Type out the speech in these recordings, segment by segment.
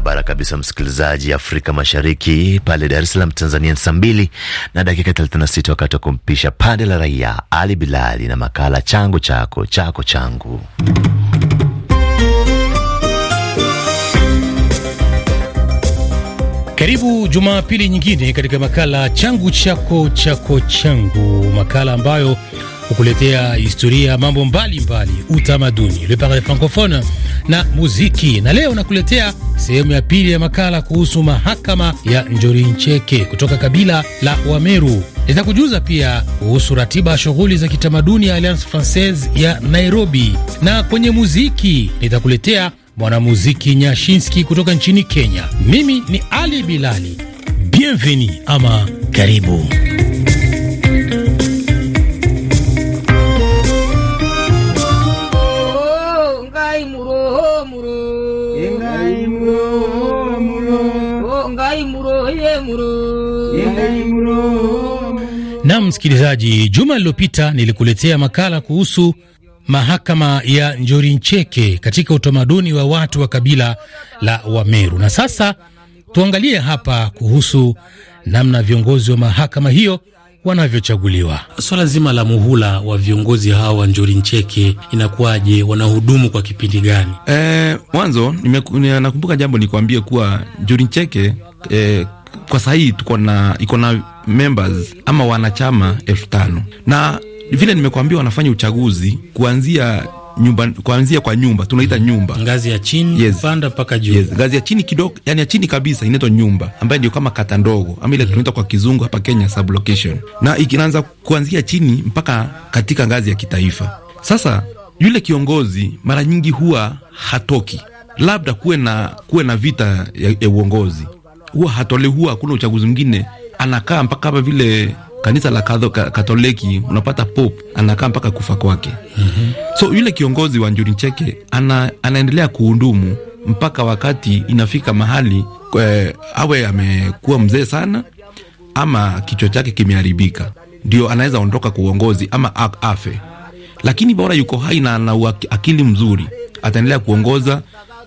barabara kabisa, msikilizaji Afrika Mashariki, pale Dar es Salaam Tanzania ni saa mbili na dakika 36, wakati wa kumpisha pande la raia Ali Bilali na makala changu chako chako changu. Karibu Jumapili nyingine katika makala changu chako chako changu, makala ambayo kukuletea historia, mambo mbalimbali, utamaduni, le parle francophone na muziki. Na leo nakuletea sehemu ya pili ya makala kuhusu mahakama ya Njori Ncheke kutoka kabila la Wameru. Nitakujuza pia kuhusu ratiba ya shughuli za kitamaduni ya Alliance Francaise ya Nairobi, na kwenye muziki nitakuletea mwanamuziki Nyashinski kutoka nchini Kenya. Mimi ni Ali Bilali, bienvenue ama karibu. Na msikilizaji, juma lililopita nilikuletea makala kuhusu mahakama ya Njorincheke katika utamaduni wa watu wa kabila la Wameru, na sasa tuangalie hapa kuhusu namna viongozi wa mahakama hiyo wanavyochaguliwa. Swala zima la muhula wa viongozi hawa wa Njorincheke inakuwaje? Wanahudumu kwa kipindi gani? E, mwanzo nakumbuka jambo nikuambie kuwa Njorincheke e, eh, kwa sahii tuko na iko na members ama wanachama elfu tano na vile nimekuambia wanafanya uchaguzi kuanzia nyumba kuanzia kwa nyumba tunaita nyumba ngazi ya chini yes. panda mpaka juu yes. ngazi ya chini kidogo, yani ya chini kabisa inaitwa nyumba, ambayo ndio kama kata ndogo ama ile mm tunaita kwa kizungu hapa Kenya sub location, na ikianza kuanzia chini mpaka katika ngazi ya kitaifa. Sasa yule kiongozi mara nyingi huwa hatoki, labda kuwe na kuwe na vita ya, ya uongozi huwa hatolewi, huwa hakuna uchaguzi mwingine, anakaa mpaka kama vile kanisa la Katoliki unapata pop anakaa mpaka kufa kwake. mm -hmm. So yule kiongozi wa Njuri Ncheke ana, anaendelea kuhudumu mpaka wakati inafika mahali kwe, eh, awe amekuwa mzee sana ama kichwa chake kimeharibika, ndio anaweza ondoka kwa uongozi ama afe, lakini bora yuko hai na ana akili mzuri, ataendelea kuongoza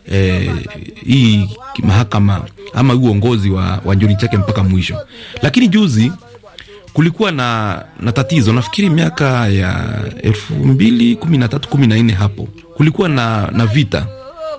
eh, hii mahakama ama uongozi wa, wa njoni chake mpaka mwisho. Lakini juzi kulikuwa na, na tatizo nafikiri miaka ya elfu mbili kumi na tatu kumi na nne hapo kulikuwa na, na vita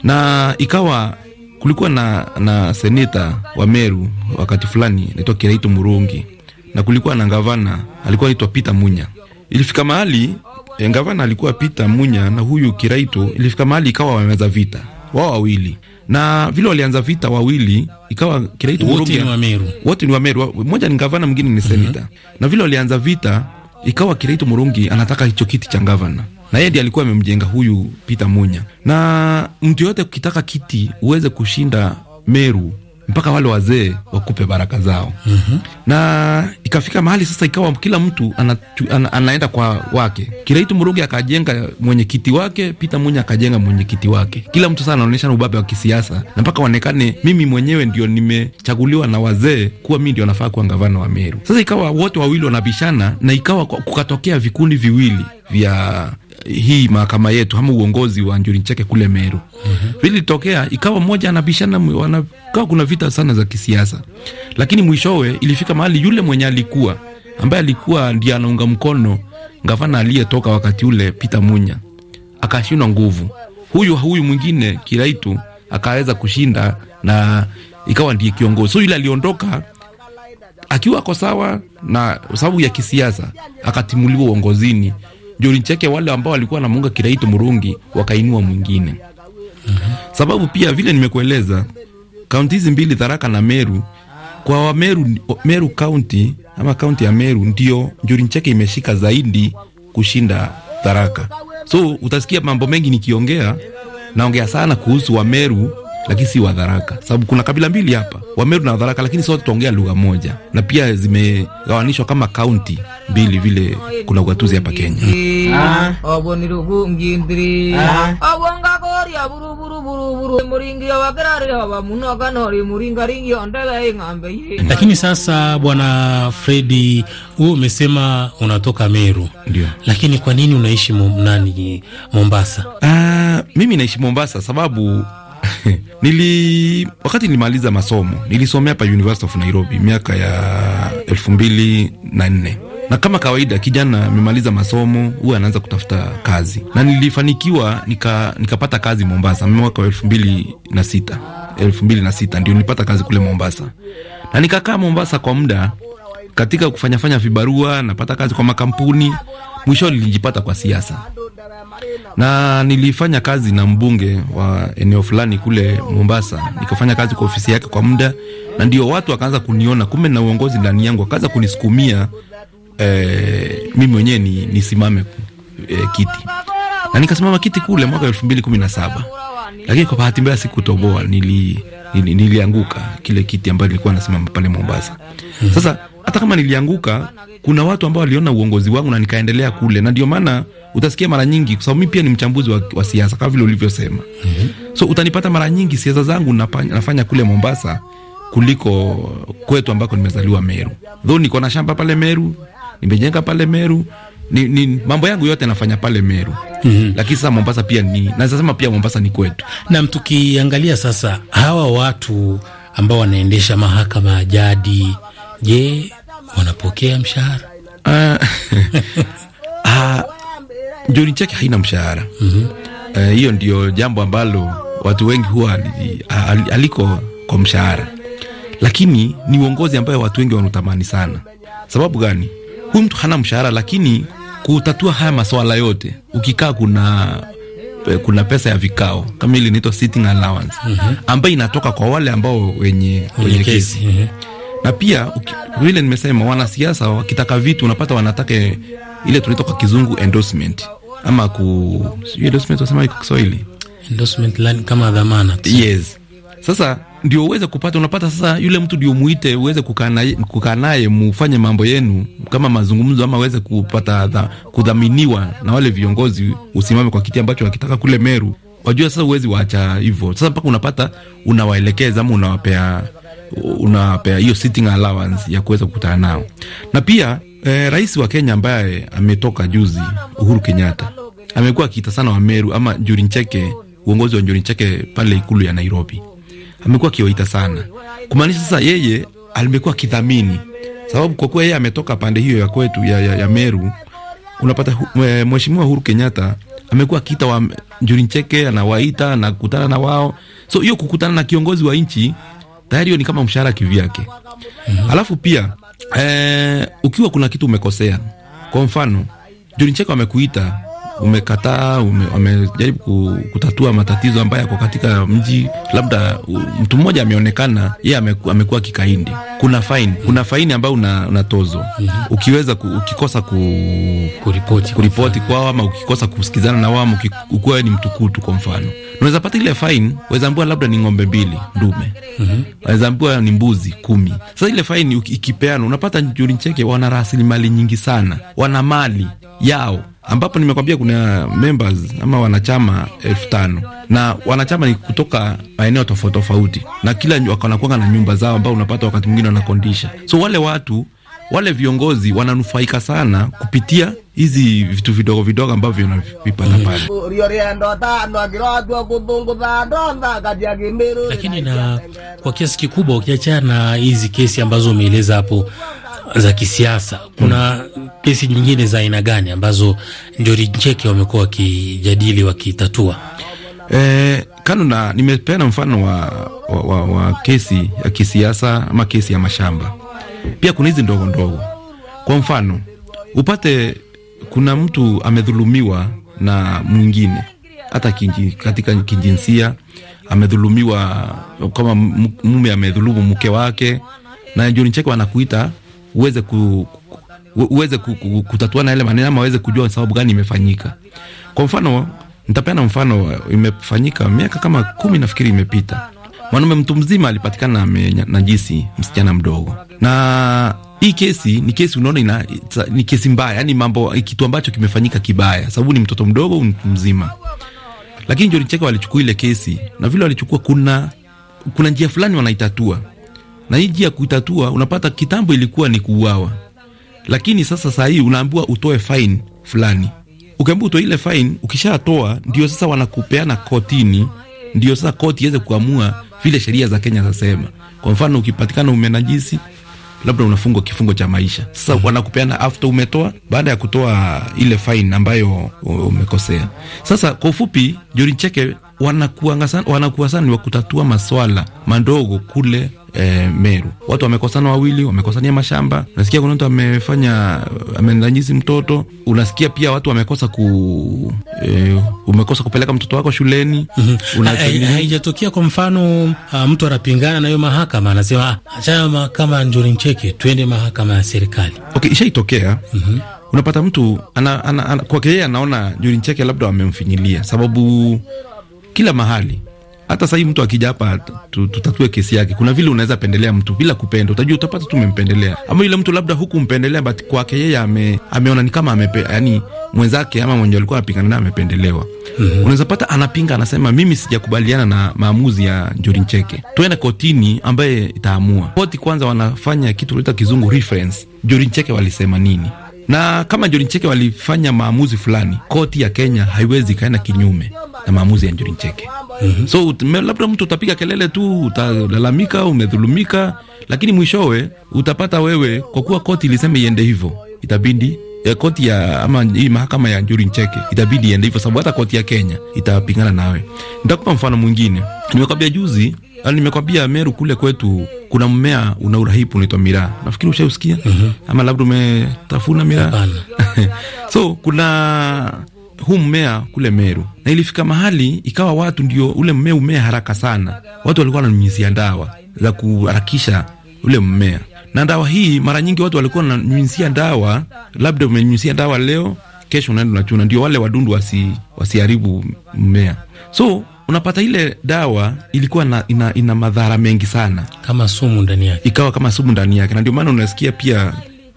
na ikawa kulikuwa na, na seneta wa Meru wakati fulani anaitwa Kiraito Murungi na kulikuwa na gavana alikuwa anaitwa Peter Munya. Ilifika mahali eh, gavana alikuwa Peter Munya na huyu Kiraito, ilifika mahali ikawa wameza vita wao wawili, na vile walianza vita wawili, ikawa kinaitwa wote ni Wameru, wote ni Wameru, mmoja ni gavana, mwingine ni senator. mm -hmm. Na vile walianza vita, ikawa kinaitwa Murungi anataka hicho kiti cha gavana na yeye ndiye alikuwa amemjenga huyu Peter Munya, na mtu yote ukitaka kiti uweze kushinda Meru mpaka wale wazee wakupe baraka zao. mm -hmm. Na ikafika mahali sasa ikawa kila mtu ana, ana, anaenda kwa wake. Kiraitu mrugi akajenga mwenyekiti wake, Pita Munya akajenga mwenyekiti wake. Kila mtu sasa anaonyesha ubabe wa kisiasa na mpaka waonekane mimi mwenyewe ndio nimechaguliwa na wazee kuwa mimi ndio nafaa kuwa gavana wa Meru. Sasa ikawa wote wawili wanabishana na ikawa kukatokea vikundi viwili vya hii mahakama yetu ama uongozi wa Njuri Ncheke kule Meru mhm. vilitokea, mm -hmm. Ikawa mmoja anabishana, kawa kuna vita sana za kisiasa, lakini mwishowe ilifika mahali yule mwenye alikuwa ambaye alikuwa ndiye anaunga mkono gavana aliyetoka wakati ule Peter Munya akashindwa nguvu, huyu huyu mwingine Kiraitu akaweza kushinda na ikawa ndiye kiongozi. So yule aliondoka akiwa ako sawa, na sababu ya kisiasa akatimuliwa uongozini. John Cheke wale ambao walikuwa namuunga kiraitu Murungi wakainua mwingine. Sababu pia vile nimekueleza kaunti hizi mbili Tharaka na Meru kwa wa Meru, Meru ama kaunti ya Meru ndio Njuri Ncheke imeshika zaidi kushinda Tharaka. So utasikia mambo mengi nikiongea, naongea sana kuhusu wa Meru lakini si Wadharaka, sababu kuna kabila mbili hapa, Wameru na Wadharaka, lakini sote tuongea lugha moja, na pia zimegawanishwa kama kaunti mbili vile. Kuna ugatuzi hapa Kenya. Ah. Ah. Lakini sasa, Bwana Fredi, huo umesema unatoka Meru, ndio, lakini kwa nini unaishi nani Mombasa? Ah, mimi naishi Mombasa sababu nili wakati nilimaliza masomo nilisomea pa University of Nairobi miaka ya elfu mbili na nne na kama kawaida kijana amemaliza masomo huwa anaanza kutafuta kazi, na nilifanikiwa nika, nikapata kazi Mombasa mwaka wa elfu mbili na sita elfu mbili na sita ndio nilipata kazi kule Mombasa, na nikakaa Mombasa kwa muda katika kufanyafanya vibarua, napata kazi kwa makampuni Mwisho nilijipata kwa siasa na nilifanya kazi na mbunge wa eneo fulani kule Mombasa, nikafanya kazi kwa ofisi yake kwa muda, na ndio watu wakaanza kuniona kumbe na uongozi ndani yangu, wakaanza kunisukumia e, mimi mwenyewe ni, nisimame e, kiti na nikasimama kiti kule mwaka elfu mbili kumi na saba lakini kwa bahati mbaya sikutoboa, nili, nili, nilianguka kile kiti ambayo nilikuwa nasimama pale Mombasa. Mhm. Sasa hata kama nilianguka, kuna watu ambao waliona uongozi wangu na nikaendelea kule, na ndio maana utasikia mara nyingi, kwa sababu pia ni mchambuzi wa, wa siasa kama vile ulivyosema. mm -hmm. So utanipata mara nyingi siasa zangu nafanya, nafanya kule Mombasa kuliko kwetu ambako nimezaliwa Meru. Though niko na shamba pale Meru, nimejenga pale Meru, ni, ni mambo yangu yote nafanya pale Meru. Mm -hmm. Lakini sasa Mombasa pia ni naweza sema pia Mombasa ni kwetu. Na tukiangalia sasa hawa watu ambao wanaendesha mahakama ya jadi, je, wanapokea mshahara ah, ah, Njuhuri chake haina mshahara mhm. eh, hiyo. Uh, ndio jambo ambalo watu wengi huwa aliko kwa mshahara, lakini ni uongozi ambayo watu wengi wanatamani sana. Sababu gani? Huyu mtu hana mshahara, lakini kutatua haya maswala yote, ukikaa kuna eh, kuna pesa ya vikao kama ile inaitwa sitting allowance mhm. ambayo inatoka kwa wale ambao wenye wenye kesi mhm na pia vile nimesema, wanasiasa wakitaka vitu unapata wanataka ile tunaita kwa kizungu endorsement ama ku endorsement, wasema iko Kiswahili endorsement line kama dhamana. Yes, sasa ndio uweze kupata, unapata sasa yule mtu ndio muite uweze kukaa naye mufanye mambo yenu kama mazungumzo, ama uweze kupata tha, kudhaminiwa na wale viongozi, usimame kwa kiti ambacho wakitaka kule Meru. Wajua sasa uwezi waacha hivyo, sasa mpaka unapata unawaelekeza ama unawapea unapea hiyo sitting allowance ya kuweza kukutana nao, na pia eh, rais wa Kenya ambaye ametoka juzi, Uhuru Kenyatta amekuwa akiita sana Wameru ama Njuri Ncheke, uongozi wa Njuri Ncheke pale ikulu ya Nairobi amekuwa akiwaita sana, kumaanisha sasa yeye alimekuwa akidhamini, sababu kwa kuwa yeye ametoka pande hiyo ya kwetu ya, ya, ya Meru, unapata eh, mheshimiwa Uhuru Kenyatta amekuwa akiita wa Njuri Ncheke, anawaita na kukutana na wao. So hiyo kukutana na kiongozi wa nchi tayari hiyo ni kama mshahara kivyake. mm -hmm. Alafu pia eh, ukiwa kuna kitu umekosea, kwa mfano John Cheka amekuita umekataa amejaribu kutatua matatizo ambayo yako katika mji. Labda mtu mmoja ameonekana yeye amekuwa kikaindi, kuna faini, kuna faini ambayo unatozwa una mhm. ukiweza ku, ukikosa ku, kuripoti, kuripoti kwao ama ukikosa kusikizana na wao, ukiwa ni mtukutu kwa mfano unaweza pata ile faini, waweza ambiwa labda ni ng'ombe mbili ndume, waweza mhm. ambiwa ni mbuzi kumi. Sasa ile faini ikipeana, unapata juri ncheke, wana rasilimali nyingi sana, wana mali yao ambapo nimekwambia kuna members ama wanachama elfu tano na wanachama ni kutoka maeneo tofauti tofauti, na kila wanakuanga na nyumba zao ambao unapata wakati mwingine wanakondisha. So wale watu wale viongozi wananufaika sana kupitia hizi vitu vidogo vidogo ambavyo vinavipata mm. pale, lakini na kwa kiasi kikubwa ukiachana na hizi kesi ambazo umeeleza hapo za kisiasa, kuna kesi nyingine za aina gani ambazo Njori Ncheke wamekuwa wakijadili wakitatua? E, na nimepeana mfano wa, wa, wa, wa kesi ya kisiasa ama kesi ya mashamba. Pia kuna hizi ndogo ndogo, kwa mfano upate kuna mtu amedhulumiwa na mwingine hata kinji, katika kijinsia amedhulumiwa, kama mume amedhulumu mke wake, na Njoni Ncheke wanakuita uweze ku, uweze ku, ku, kutatua na yale maneno ama uweze kujua sababu gani imefanyika. Kwa mfano, nitapeana mfano, imefanyika miaka kama kumi nafikiri imepita, mwanaume mtu mzima alipatikana amenajisi msichana mdogo, na hii kesi ni kesi unaona ina, ni kesi mbaya, yani mambo kitu ambacho kimefanyika kibaya, sababu ni mtoto mdogo, mtu mzima. Lakini John Cheke walichukua ile kesi na vile walichukua, kuna kuna njia fulani wanaitatua na hii ya kuitatua, unapata kitambo ilikuwa ni kuuawa, lakini sasa saa hii unaambiwa utoe fine fulani. Ukiambiwa utoe ile fine, ukishatoa ndio sasa wanakupeana kotini, ndio sasa koti iweze kuamua vile sheria za Kenya zasema. Kwa mfano, ukipatikana umenajisi labda unafungwa kifungo cha maisha. Sasa mm -hmm. wanakupeana after umetoa, baada ya kutoa ile fine ambayo umekosea. Sasa kwa ufupi, Juri Cheke wanakuwa sana, wanakuwa sana wa kutatua maswala madogo kule e, Meru. Watu wamekosana wawili, wamekosania mashamba, unasikia kuna mtu amefanya amenanyizi mtoto, unasikia pia watu wamekosa ku e, umekosa kupeleka mtoto wako shuleni. Mhm. Haijatokea kwa mfano ah, mtu anapingana na hiyo mahakama, anasema ah, achana mahakama, njoni ncheke, twende mahakama ya serikali. Okay, ishaitokea mm-hmm. Unapata mtu ana, ana, ana, kwake yeye anaona njoni ncheke, labda wamemfinyilia, sababu kila mahali hata sahii mtu akija hapa tutatue kesi yake, kuna vile unaweza pendelea mtu bila kupenda, utajua utapata tumempendelea, ama yule mtu labda hukumpendelea, but kwake yeye ame, ameona ni kama amepe, yani mwenzake ama mwenye alikuwa anapingana naye amependelewa. mm -hmm. Unaweza pata anapinga, anasema mimi sijakubaliana na maamuzi ya Njuri Ncheke, tuende kotini ambaye itaamua. Koti kwanza wanafanya kitu ta kizungu reference, Njuri Ncheke walisema nini na kama John Ncheke walifanya maamuzi fulani, koti ya Kenya haiwezi kaenda kinyume na maamuzi ya njuri ncheke mm -hmm. So labda mtu utapiga kelele tu, utalalamika, umedhulumika, lakini mwishowe utapata wewe, kwa kuwa koti ilisema iende hivyo, itabidi ya eh, koti ya ama hii mahakama ya Njuri Ncheke itabidi iende hivyo, sababu hata koti ya Kenya itapingana nawe. Nitakupa mfano mwingine, nimekwambia juzi na yaani nimekwambia Meru kule kwetu kuna mmea una urahibu unaitwa miraa. Nafikiri ushausikia? Uh mhm. -huh. Ama labda umetafuna miraa. So kuna huu mmea kule Meru. Na ilifika mahali ikawa watu ndio ule mmea umea haraka sana. Watu walikuwa wananyunyizia dawa za kuharakisha ule mmea. Na dawa hii mara nyingi watu walikuwa wananyunyizia dawa, labda umenyunyizia dawa leo, kesho unaenda unachuna, ndio wale wadundu wasi wasiharibu mmea. So unapata ile dawa ilikuwa na, ina, ina madhara mengi sana, kama sumu ndani yake, ikawa kama sumu ndani yake, na ndio maana unasikia pia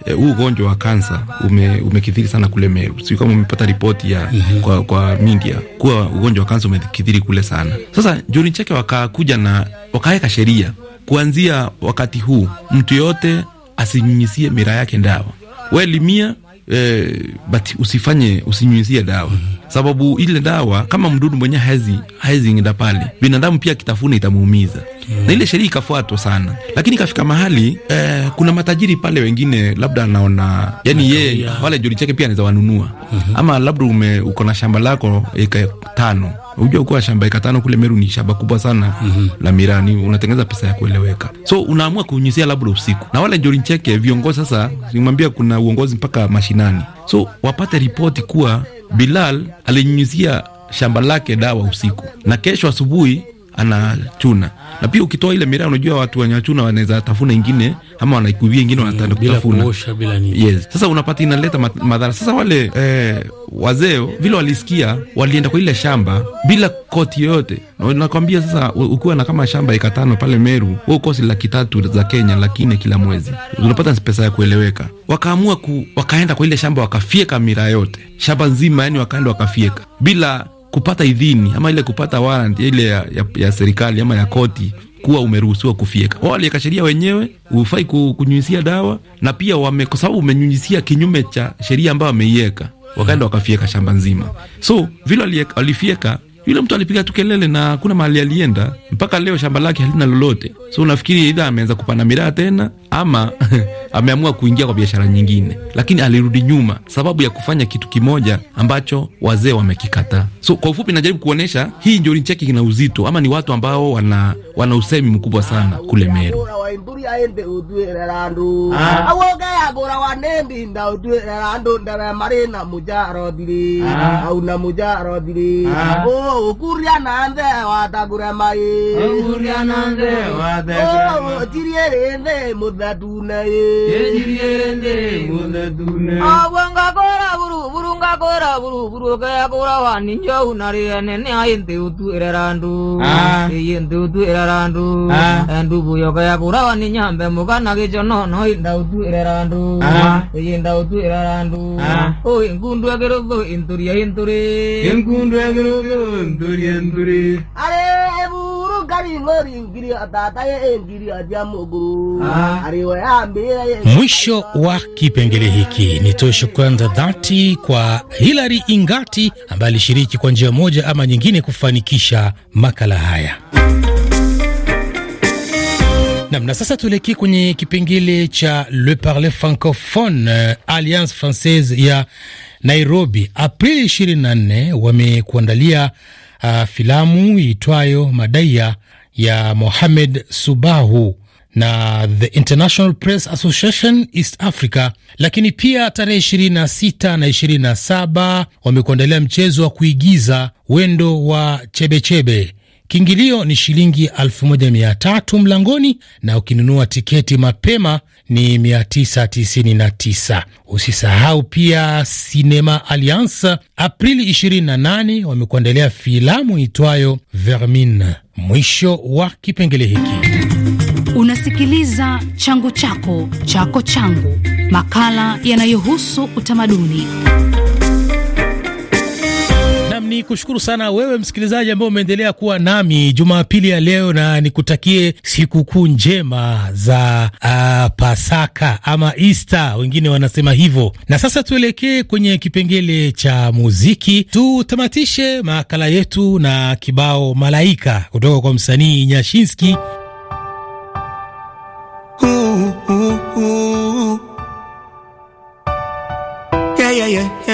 eh, huu e, ugonjwa wa kansa ume, umekithiri sana kule Meru. Sio kama umepata ripoti ya mm -hmm. kwa, kwa media kuwa ugonjwa wa kansa umekithiri kule sana. Sasa Joni Chake wakakuja na wakaweka sheria kuanzia wakati huu mtu yote asinyunyisie mira yake dawa, welimia eh, but usifanye usinyunyizie dawa sababu ile dawa kama mdudu mwenye haezi haezi ingia pale, binadamu pia kitafuna itamuumiza mm. na ile sheria ikafuatwa sana, lakini ikafika mahali eh, kuna matajiri pale wengine labda anaona yani yeye wale joli chake pia anaweza wanunua uh mhm. -huh. ama labda uko na shamba lako eka tano Unajua kwa shamba eka tano kule Meru ni shamba kubwa sana mm -hmm. la mirani, unatengeneza pesa ya kueleweka, so unaamua kunyunyizia labda usiku. Na wale Njuri Ncheke viongozi sasa, nimwambia kuna uongozi mpaka mashinani, so wapate ripoti kuwa Bilal alinyunyizia shamba lake dawa usiku na kesho asubuhi anachuna na pia ukitoa ile miraa, unajua watu wanyachuna wanaweza tafuna ingine ama wanaikuvia ingine wanataka kutafuna bila nini. Yes, sasa unapata inaleta madhara. Sasa wale eh, wazee vile walisikia, walienda kwa ile shamba bila koti yote, na nakwambia sasa, ukiwa na kama shamba eka tano pale Meru, wewe ukosi laki tatu za Kenya lakini kila mwezi unapata pesa ya kueleweka. Wakaamua ku, wakaenda kwa ile shamba wakafieka miraa yote, shamba nzima, yani wakaenda wakafieka bila kupata idhini ama ile kupata warrant ile ya, ya, ya serikali ama ya koti kuwa umeruhusiwa kufyeka. Wao waliweka sheria wenyewe, hufai kunyunyizia dawa, na pia wame, kwa sababu umenyunyizia kinyume cha sheria ambayo wameiweka, wakaenda wakafyeka shamba nzima. So vile walifyeka yule mtu alipiga tu kelele na kuna mahali alienda. Mpaka leo shamba lake halina lolote. So unafikiri idha ameanza kupanda miraa tena ama ameamua kuingia kwa biashara nyingine, lakini alirudi nyuma sababu ya kufanya kitu kimoja ambacho wazee wamekikataa. So kwa ufupi, najaribu kuonyesha hii ndio cheki kina uzito ama ni watu ambao wana, wana usemi mkubwa sana kule Meru. ngakora burungakora waninjo unarie nene aintiutu irerandu iintiutu irerandu endu buyokayakura waninyambe mukana gichonono indautu irerandu iintautu irerandu o ingunduakiruthu inturia inturi ingunduakiruthu inturia inturi E Mwisho wa kipengele hiki nitoe shukrani za dhati kwa Hilary Ingati ambaye alishiriki kwa njia moja ama nyingine kufanikisha makala haya. Nam, na sasa tuelekee kwenye kipengele cha Le Parler Francophone. Eh, Alliance Francaise ya Nairobi Aprili 24 wamekuandalia uh, filamu iitwayo Madaiya ya Mohamed Subahu na The International Press Association East Africa. Lakini pia tarehe 26 na 27 wamekuandalia mchezo wa kuigiza wendo wa chebechebe chebe. Kiingilio ni shilingi 1300 mlangoni, na ukinunua tiketi mapema ni 999. Usisahau pia Cinema Alliance Aprili 28 wamekuandalia filamu itwayo Vermin. Mwisho wa kipengele hiki. Unasikiliza changu chako chako changu, makala yanayohusu utamaduni ni kushukuru sana wewe msikilizaji ambao umeendelea kuwa nami Jumapili ya leo, na nikutakie sikukuu njema za uh, Pasaka ama Easter, wengine wanasema hivyo. Na sasa tuelekee kwenye kipengele cha muziki, tutamatishe makala yetu na kibao Malaika kutoka kwa msanii Nyashinski. uh, uh, uh. Yeah, yeah, yeah.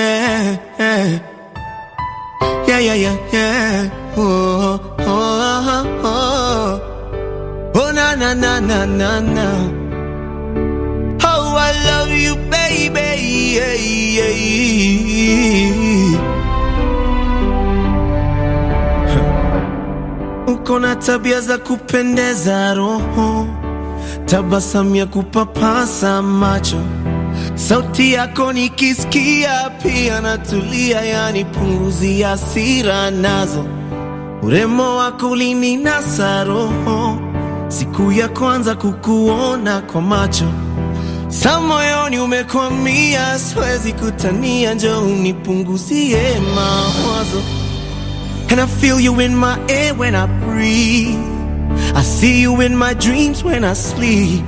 na na na na na. Oh, I love you, baby. Uko na tabia za kupendeza roho, tabasamu ya kupapasa macho, sauti yako nikisikia pia natulia, yani punguzi sira nazo, urembo wako ulininasa roho siku ya kwanza kukuona kwa macho, sa moyoni umekwamia, siwezi kutania, njo unipunguzie mawazo. And I feel you in my air when I breathe. I see you in my dreams when I sleep.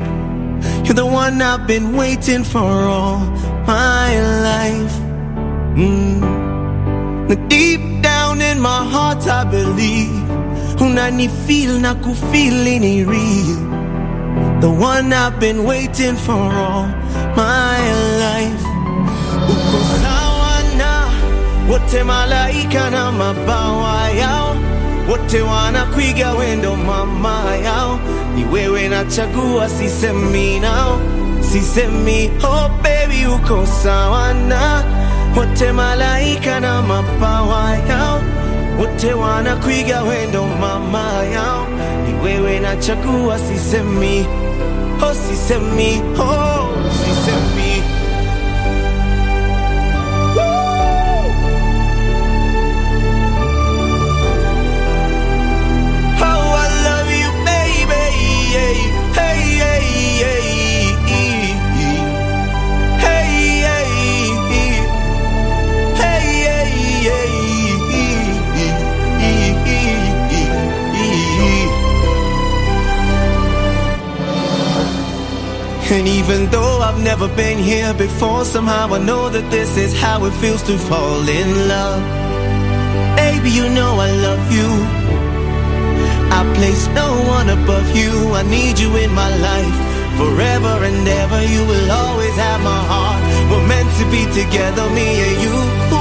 You're the one I've been waiting for all my life. Mm. Deep down in my heart, I believe unanifeel na kufili ni real, the one I've been waiting for all my life. Uko sawa na wote, malaika na mabawa yao wote wanakwiga, wendo mama yao ni wewe, nachagua, sisemi nao, sisemi oh baby, uko sawa na wote, malaika na mabawa yao wote wanakuiga wendo mama yao, ni wewe nachagua, sisemi, oh, sisemi, oh, sisemi And even though I've never been here before, somehow I know that this is how it feels to fall in love. Baby, you know I love you. I place no one above you. I need you in my life forever and ever. You will always have my heart. We're meant to be together, me and you. Ooh.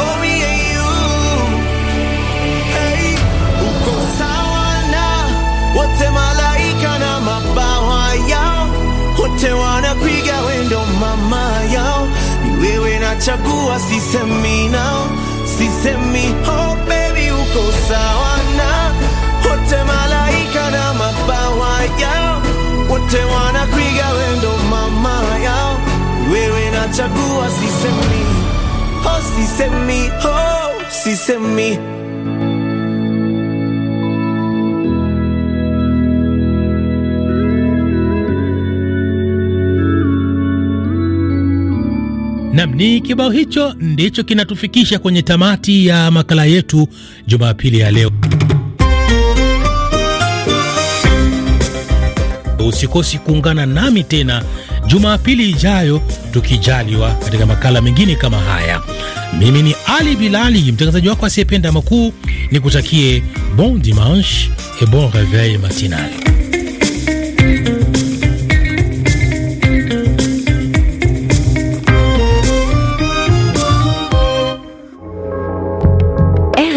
Oh. wote wanapiga wendo mama yao, ni wewe nachagua, sisemi nao, sisemi oh baby, uko sawa na wote, malaika na mabawa yao, wote wanapiga wendo mama yao, ni wewe nachagua, sisemi oh, sisemi oh, sisemi Nam, ni kibao hicho ndicho kinatufikisha kwenye tamati ya makala yetu Jumapili ya leo. Usikosi kuungana nami tena Jumapili ijayo tukijaliwa, katika makala mengine kama haya. Mimi ni Ali Bilali, mtangazaji wako asiyependa makuu, nikutakie bon dimanche et bon reveil matinal.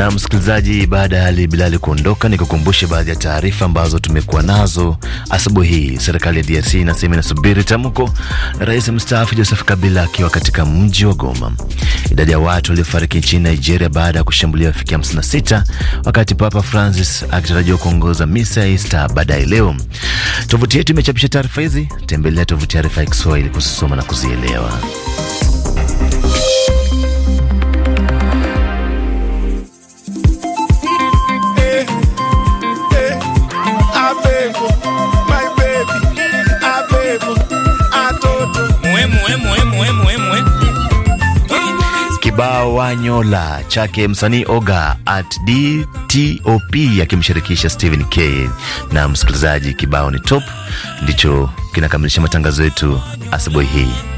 Na msikilizaji, baada ya Ali Bilali kuondoka, ni kukumbushe baadhi ya taarifa ambazo tumekuwa nazo asubuhi hii. Serikali ya DRC inasema inasubiri tamko la rais mstaafu Joseph Kabila akiwa katika mji wa Goma. Idadi ya watu waliofariki nchini Nigeria baada ya kushambuliwa wafikia 56 wakati Papa Francis akitarajiwa kuongoza misa ya Ista baadaye leo. Tovuti yetu imechapisha taarifa hizi, tembelea tovuti ya RFI Kiswahili kusoma na kuzielewa. nyola chake msanii Oga at DTOP akimshirikisha stehen K na msikilizaji, kibao ni top ndicho kinakamilisha matangazo yetu asubuhi hii.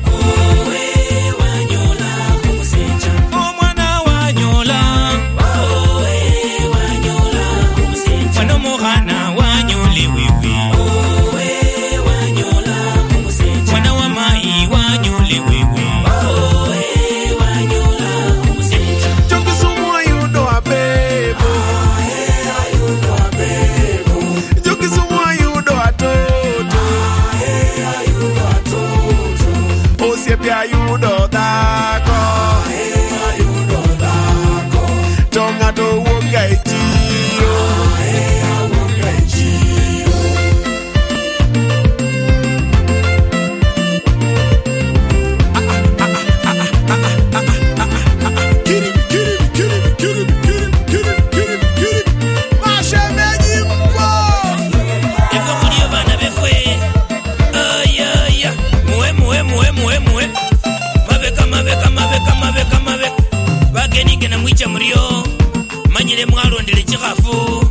bakhafu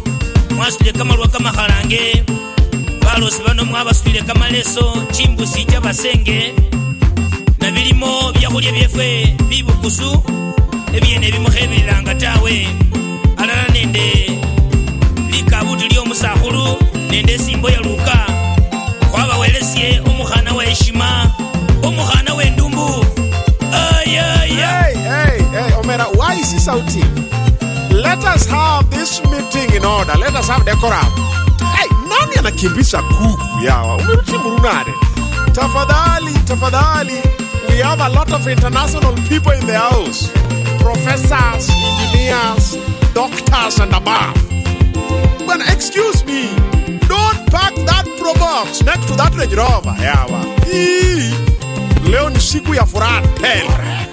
mwasutile kamalwa kamakhalange balosi bano mwabasutile kamaleso chimbusi chabasenge nabilimo byakhulya byefwe bibukusu ebyene bimukhebelelanga tawe alala nende likabutu lyomusakhulu nende esimbo ya luka khwabawelesye omukhana we eshima omukhana wendumbu ayaya hey, hey, hey, omera Let us have this meeting in order. Let us have decorum. Hey, nani anakimbiza kuku yawa? murunare. Tafadhali, tafadhali. We have a lot of international people in the house. Professors, engineers, doctors and above. But excuse me, don't pack that Pro Box next to that Range Rover. Yawa. Hii. Leo ni siku ya furaha tele.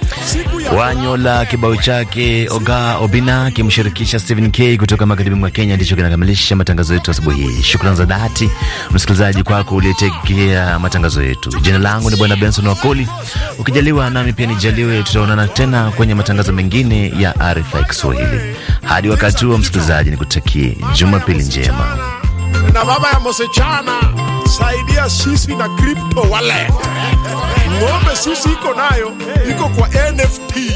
Wanyola kibao chake Oga Obina kimshirikisha Stephen K kutoka magharibi mwa Kenya ndicho kinakamilisha matangazo yetu asubuhi hii. Shukrani za dhati msikilizaji kwako uliyetegea matangazo yetu. Jina langu ni Bwana Benson Wakoli, ukijaliwa nami pia nijaliwe, tutaonana tena kwenye matangazo mengine ya RFI Kiswahili. Hadi wakati huo, msikilizaji, nikutakie Jumapili njema na baba ya kutusaidia sisi na crypto wale Ng'ombe sisi iko nayo iko kwa NFT.